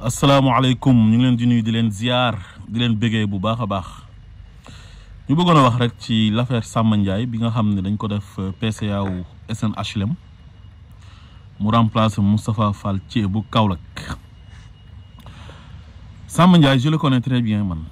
asalaamaaleykum ñu ngi leen di nuyu di leen ziar di leen bëggee bu baax a baax ñu bëggoon a wax rek ci l'affaire Samba Ndiaye bi nga xam ne dañ ko def PCA wu SNHLM mu remplacer Moustapha Fall Thié bu Kaolack Samba Ndiaye je le connais très bien man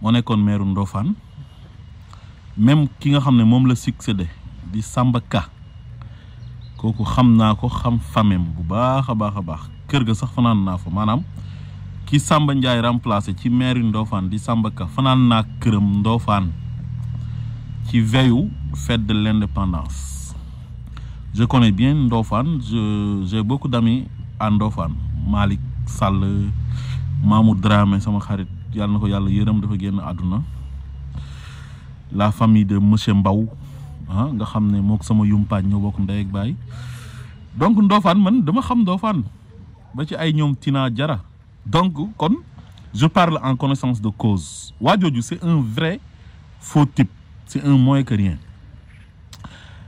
moo nekkoon maire Ndofane même ki nga xam ne moom la succédé di Samba Ka kooku xam naa ko xam famem bu baax a baax a baax. kër ga sax fanan naa fa maanaam ki Samba ndjay remplacer ci maire Ndofane di Samba Ka fanan na kërëm Ndofane ci veyu fête de l'indépendance je connais bien Ndofane je j'ai beaucoup d'amis à Ndofane malik Sall Mamoud Dramé sama xarit yalla nako yalla yeureum dafa génn aduna la famille de monsieur Mbaw ah nga xamné mok sama yumpaañ ñoo bokk ndey ak baay donc Ndofane man dama xam Ndofane ba ci ay donc kon je parle en connaissance de cause Wadiou, c'est un vrai faux type C'est un moins que rien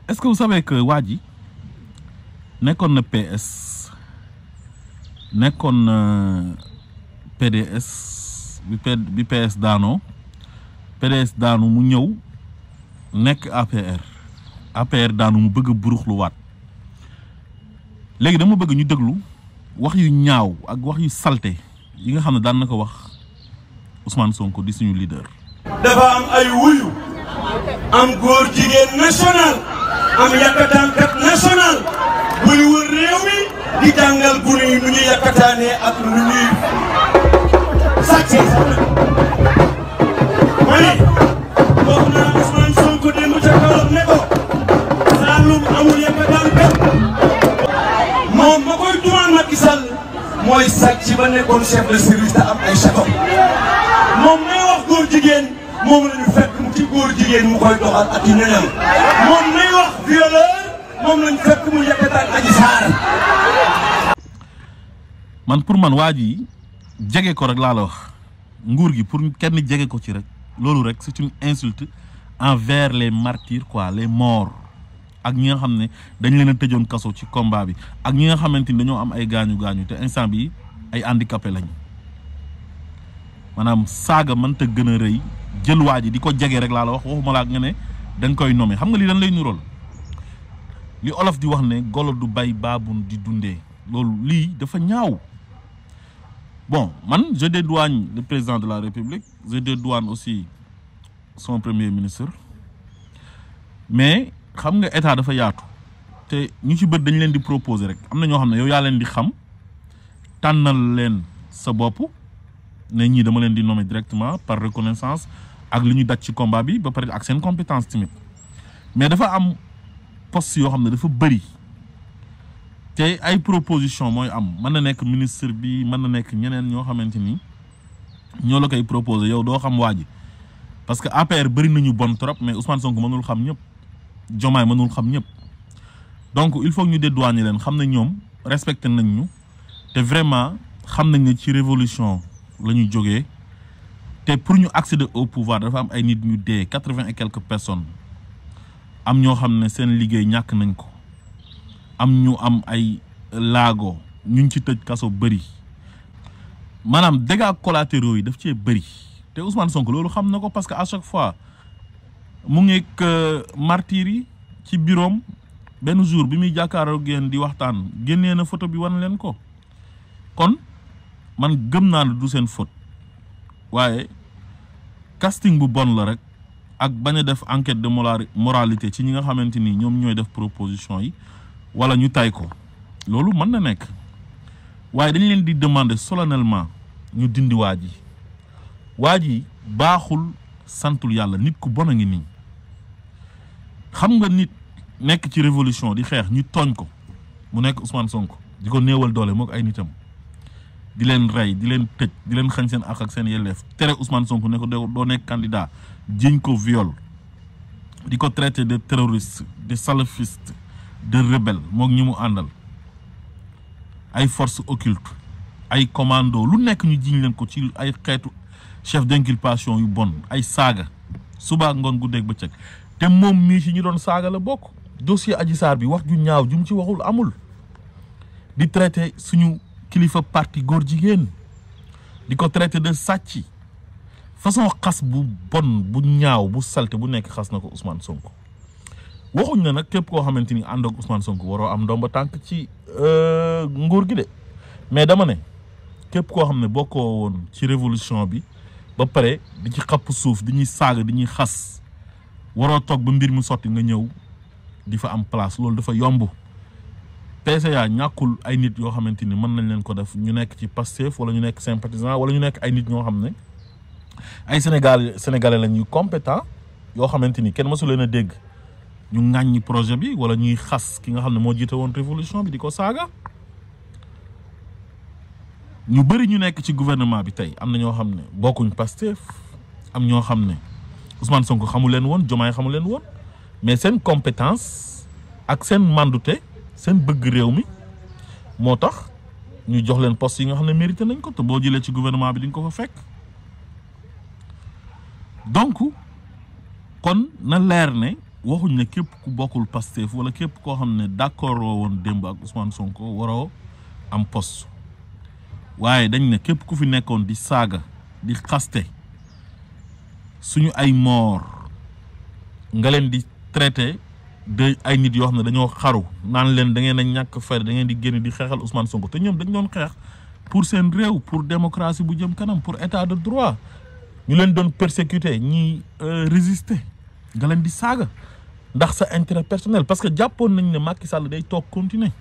est ce que vous savez que Wadi... N'est nekkoon na PS N'est na PDS bi PS Dano. PDS daanu mu ñëw nekk APR APR daanu mu bëgg a buruxluwaat léegi dama bëgg ñu déglu. wax yu ñaaw ak wax yu salté yi nga xam ne daan wax Ousmane Sonko di suñu leader. dafa am ay wuyu am goor jigen national am kat national buy wër réew mi di jangal bu yi ñu yakatané ak nu ñuy sàccee sax Ousmane Sonko mooy sàcc ba nekkoon chef de service ta am ay château mom may wax góor jigen mom lañu fekk mu ci góor jigen mu koy doxal ak i mom moom may wax violeur mom lañu fekk mu yekkataan aji sar man pour man waji ji ko rek la la wax nguur gi pour kenn jege ko ci rek loolu rek c'est une insulte envers les martyrs quoi les morts ak ñi nga xam ne dañ leen a tëjoon kaso ci combat bi ak ñi nga xamante ni dañoo am ay gaañu gaañu te instant bi ay handicapé lañ maanaam saaga mënta gën a rëy jël waa ji di ko jege rek laa la wax waxuma laa nga ne dañ koy nommé xam nga li dañ lay nurool li olof di wax ne golo du bay baabun di dundee loolu lii dafa ñaaw bon man je dédouane le président de la république je dédouane aussi son premier ministre mais xam nga état dafa yaatu te ñu ci bët dañ leen di proposer rek am na ñoo xam ne yow yaa leen di xam tànnal leen sa bopp ne ñii dama leen di nommer directement par reconnaissance ak li ñu daj ci combat bi ba pare ak seen compétence tamit mais dafa am poste yoo xam ne dafa bëri te ay proposition mooy am mën na nekk ministre bi mën na nekk ñeneen ñoo xamante ni ñoo la koy proposer yow doo xam waa ji parce que APR bari nañu bon trop mais Ousmane Sonko mënul xam ñëpp. mënul xam donc il faut ñu dédouaner len xam une vraiment xam ci révolution lañu joggé té pour ñu accéder au pouvoir dafa am ay nit ñu et quelques personnes am ñoo xamné seen liggéey nañ ko am ñu am ay ci kaso Nous manam dégâts collatéraux yi daf ci te Ousmane Sonko lolu xam parce que à chaque fois mu ngi ngeeg euh, martiir yi ci biroom benn jour bi muy jàkkaaroo génn di waxtaan génnee na foto bi wan leen ko kon man gëm naa ne du seen faute waaye casting bu bon la rek ak bañ a def enquête de moralité ci ñi nga xamante ni ñoom ñooy def proposition yi wala ñu tay ko loolu mën na nekk waaye dañ leen di demander solennellement ñu dindi waa ji waa ji baaxul santul yàlla nit ku bon a ngi nii xam nga nit nek ci révolution di xex ñu togn ko mu nek Ousmane Sonko nous neewal doole moo ay nitam di len ray di len tejj di nous xañ sen ak sen yelleef tere Ousmane Sonko ne candidat jiñ viol diko traiter de terroriste de salafiste de rebelle andal ay force occulte ay commando lu nek ñu jiñ nous ko ci ay xétu chef d'inculpation yu bon ay saga. suba te moom mii si ñu doon saaga la bokk dossier Adji Sarr bi wax ju ñaaw ju mu ci waxul amul di traité suñu kilifa parti góor jigéen di ko traité de sàcc façon xas bu bon bu ñaaw bu salte bu nekk xas na ko Ousmane Sonko waxuñ na nag képp koo xamante ni ànd ak Ousmane Sonko waroo am doom ndomba tànk ci euh, nguur gi de mais dama ne képp koo xam ne bokkoo woon ci révolution bi ba pare di ci xapp suuf di ñuy saaga di ñuy xas waroo toog ba mbir mu sotti nga ñëw di fa am place loolu dafa yomb PCA ñàkkul ay nit yoo xamante ni mën nañ leen ko def ñu nekk ci Pastef wala ñu nekk sympathisant wala ñu nekk ay nit ñoo xam ne ay Sénégal sénégalais lañ ñu compétent yoo xamante ni kenn mësu leen a dégg ñu ŋàññi projet bi wala ñuy xas ki nga xam ne moo jiite woon révolution bi di ko saaga ñu bëri ñu nekk ci gouvernement bi tey am na ñoo xam ne bokkuñ Pastef am ñoo xam ne. Ousmane Sonko xamu leen woon Diomaye xamu leen woon mais seen compétence ak seen mandute seen bëgg réew mi moo tax ñu jox leen poste yi nga xam ne mérité nañ ko te boo jëlee ci gouvernement bi di ko fa fekk donc kon na leer ne waxuñ ne képp ku bokkul Pastef wala képp koo xam ne d'accord woon démb ak Ousmane Sonko waroo am poste waaye dañ ne képp ku fi nekkoon di saaga di xaste suñu ay mort nga len di traiter de ay nit yo xamne dañu xaru nan len da ngeen a ñàkk da ngay di genn di xexal Ousmane Sonko te ñom dañ doon xex pour sen rew pour démocratie bu jëm kanam pour état de droit ñu len doon persécuter ñi euh, résister nga len di saga. ndax sa intérêt personnel parce que japon nañ ne Macky Sall day tok continuer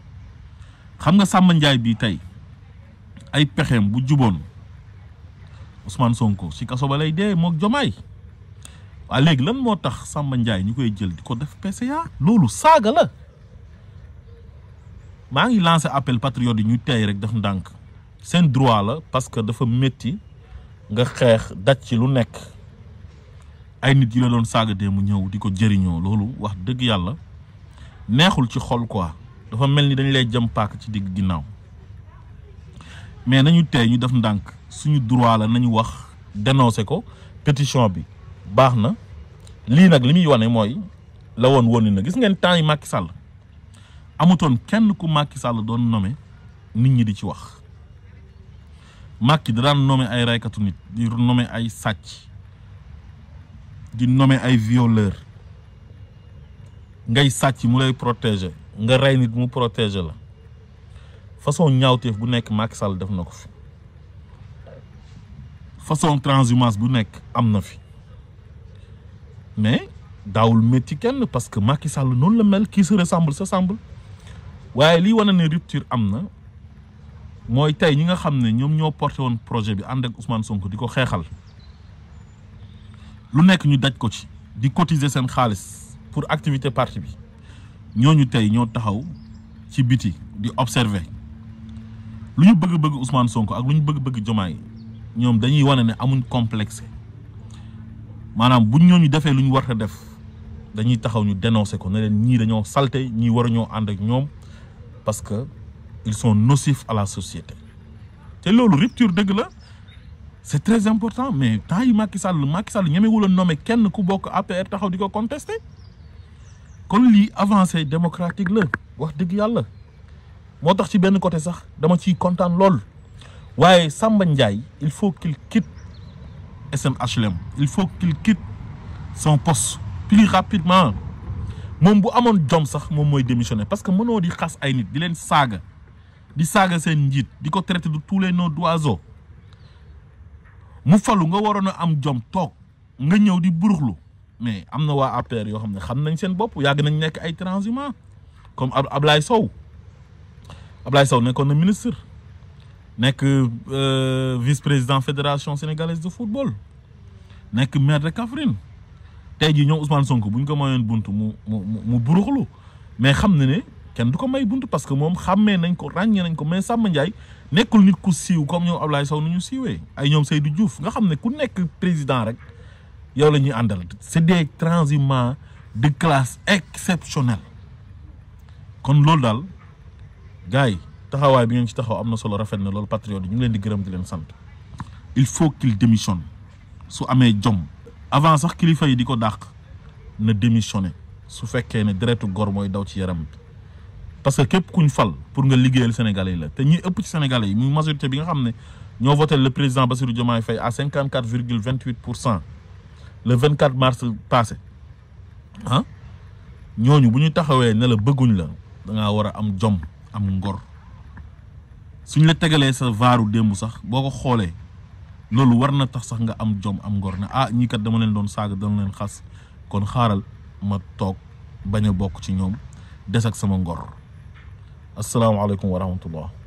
xam nga Sam Ndiaye bi tay ay pexem bu jubon Ousmane Sonko si kaso balay lay mok jomay waaw léegi lan moo tax Samba Ndiaye ñu koy jël di ko def PCA loolu saaga la maa ngi lancé appel patriote yi ñu tey rek def ndànk seen droit la parce que dafa métti nga xeex daj ci lu nekk ay nit yi la doon saaga dee mu ñëw di ko jëriñoo loolu wax dëgg yàlla neexul ci xol quoi dafa mel ni dañ lay jëm paak ci digg ginnaaw mais nañu tey ñu def ndànk suñu droit la nañu wax dénoncé ko pétition bi baax na lii nag li muy wane mooy la woon woon na gis ngeen temps yi Macky Sall amutoon kenn ku Macky Sall doon nome nit ñi di ci wax Macky da daan nommé ay raykatu nit di nommé ay sàcc di nommé ay violeur ngay sàcc mu lay protéger nga rey nit mu protéger la façon ñaawteef bu nekk Macky Sall def na ko fi façon transhumance bu nekk am na fi mais daoul parce que Macky Sall mel se ressemble se semble waye li rupture amna moy tay nga porté projet bi Ousmane Sonko diko xéxal lu nekk ñu daj ko ci di cotiser un pour activité parti bi ñoñu tay ño taxaw ci di observer lu bëgg-bëgg Ousmane Sonko ak lu bëgg-bëgg complexe manam buñ ñooñu defee lu ñu war a def dañuy taxaw ñu dénoncer ko ne leen ñii dañoo salté ñi war ñoo and ak ñom parce que ils sont nocifs à la société té loolu rupture deug la c'est très important mais temps Macky Sall Macky Sall ñemewul a nomé kenn ku bokk APR taxaw diko contester kon li avancée démocratique le wax deug yalla motax ci benn côté sax dama ci contane lool waaye Samba Ndiaye il faut qu'il quitte E il faut qu'il quitte son poste plus rapidement démissionner parce que di ay nit di len saga di saga une de tous les noms d'oiseaux mu falu nga am jom tok nga di buruxlu mais APR xam nañ nañ comme Ablaye Sow Ablaye Sow ministre euh, vice-président fédération sénégalaise de football nekk maire de Kaffrine tey jii ñoom Ousmane Sonko bu ñu ko mayoon bunt mu mu mu buruxlu mais xam ne ne kenn du ko may bunt parce que moom xàmmee nañ ko ràññee nañ ko mais sàmm Ndiaye nekkul nit ku siiw comme ñoom Ablaye Sow nu ñu siiwee ay ñoom say Seydou Diouf nga xam ne ku nekk président rek yow la ñuy àndal c'est des transhumants de classe exceptionnelle kon loolu daal gars yi taxawaay bi ngeen ci taxaw am na solo rafet na loolu patriote yi ñu ngi leen di gërëm di leen sant il faut qu'il démissionne su amé jom avant sax kilifa yi diko ko ne na su féké ne deretu gor moy daw ci yaram parce que képp kuñ fal pour nga liguéyal sénégalais la té ñi ëpp ci sénégalais yi muy majorité bi nga xamné ne ñoo voté le président Bassirou Diomaye Faye à 54,28% le 24 mars passé ah ñooñu buñu taxawé né la bëgguñ la da nga wara am jom am ngor suñ la tégalé sa varu dembu sax boko xolé loolu war na tax sax nga am jom am ngor ne ah ñii kat dama leen doon saaga dama leen xas kon xaaral ma toog bañ a bokk ci ñoom des ak sama ngor asalaamaaleykum wa rahmatullah